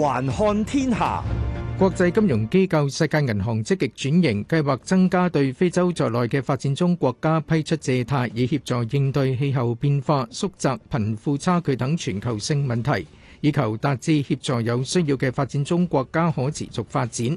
環看天下，國際金融機構世界銀行積極轉型，計劃增加對非洲在內嘅發展中國家批出借貸，以協助應對氣候變化、縮窄貧富差距等全球性問題，以求達至協助有需要嘅發展中國家可持續發展。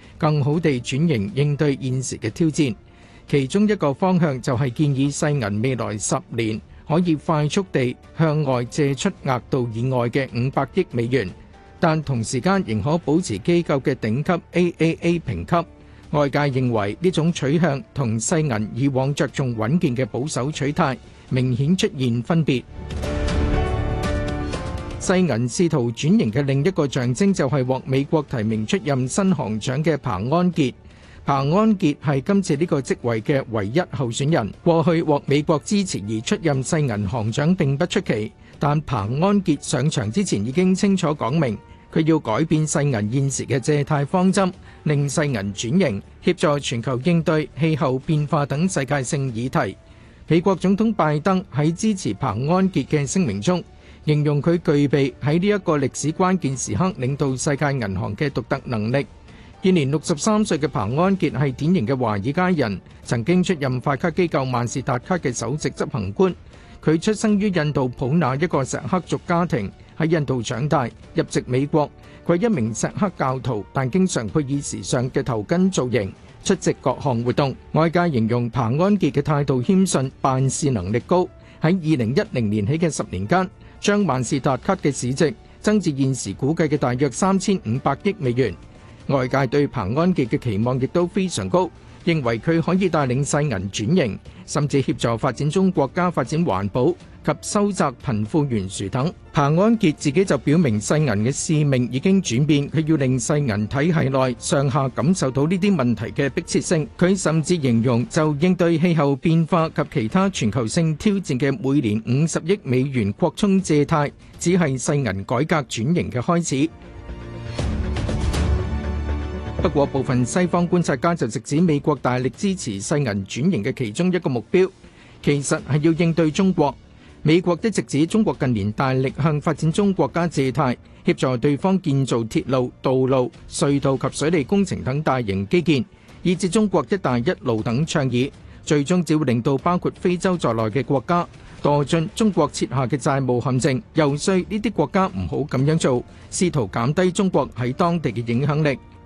更好地轉型，應對現時嘅挑戰，其中一個方向就係建議世銀未來十年可以快速地向外借出額度以外嘅五百億美元，但同時間仍可保持機構嘅頂級 AAA 評級。外界認為呢種取向同世銀以往着重穩健嘅保守取態明顯出現分別。世銀試圖轉型嘅另一個象徵就係獲美國提名出任新行長嘅彭安傑。彭安傑係今次呢個職位嘅唯一候選人。過去獲美國支持而出任世銀行長並不出奇，但彭安傑上場之前已經清楚講明，佢要改變世銀現時嘅借貸方針，令世銀轉型，協助全球應對氣候變化等世界性議題。美國總統拜登喺支持彭安傑嘅聲明中，形容佢具備喺呢一個歷史關鍵時刻領導世界銀行嘅獨特能力。現年六十三歲嘅彭安傑係典型嘅華爾街人，曾經出任發卡機構萬事達卡嘅首席執行官。佢出生於印度普那一個石克族家庭，喺印度長大，入籍美國。佢係一名石克教徒，但經常配以時尚嘅頭巾造型出席各項活動。外界形容彭安傑嘅態度謙遜，辦事能力高。喺二零一零年起嘅十年間，將萬事達卡嘅市值增至現時估計嘅大約三千五百億美元，外界對彭安傑嘅期望亦都非常高。認為佢可以帶領世銀轉型，甚至協助發展中國家發展環保及收窄貧富懸殊等。彭安傑自己就表明，世銀嘅使命已經轉變，佢要令世銀體系內上下感受到呢啲問題嘅迫切性。佢甚至形容，就應對氣候變化及其他全球性挑戰嘅每年五十億美元擴充借貸，只係世銀改革轉型嘅開始。不過，部分西方觀察家就直指美國大力支持世銀轉型嘅其中一個目標，其實係要應對中國。美國一直指中國近年大力向發展中國家借貸，協助對方建造鐵路、道路、隧道及水利工程等大型基建，以至中國一帶一路等倡議，最終只會令到包括非洲在內嘅國家墮進中國設下嘅債務陷阱，遊説呢啲國家唔好咁樣做，試圖減低中國喺當地嘅影響力。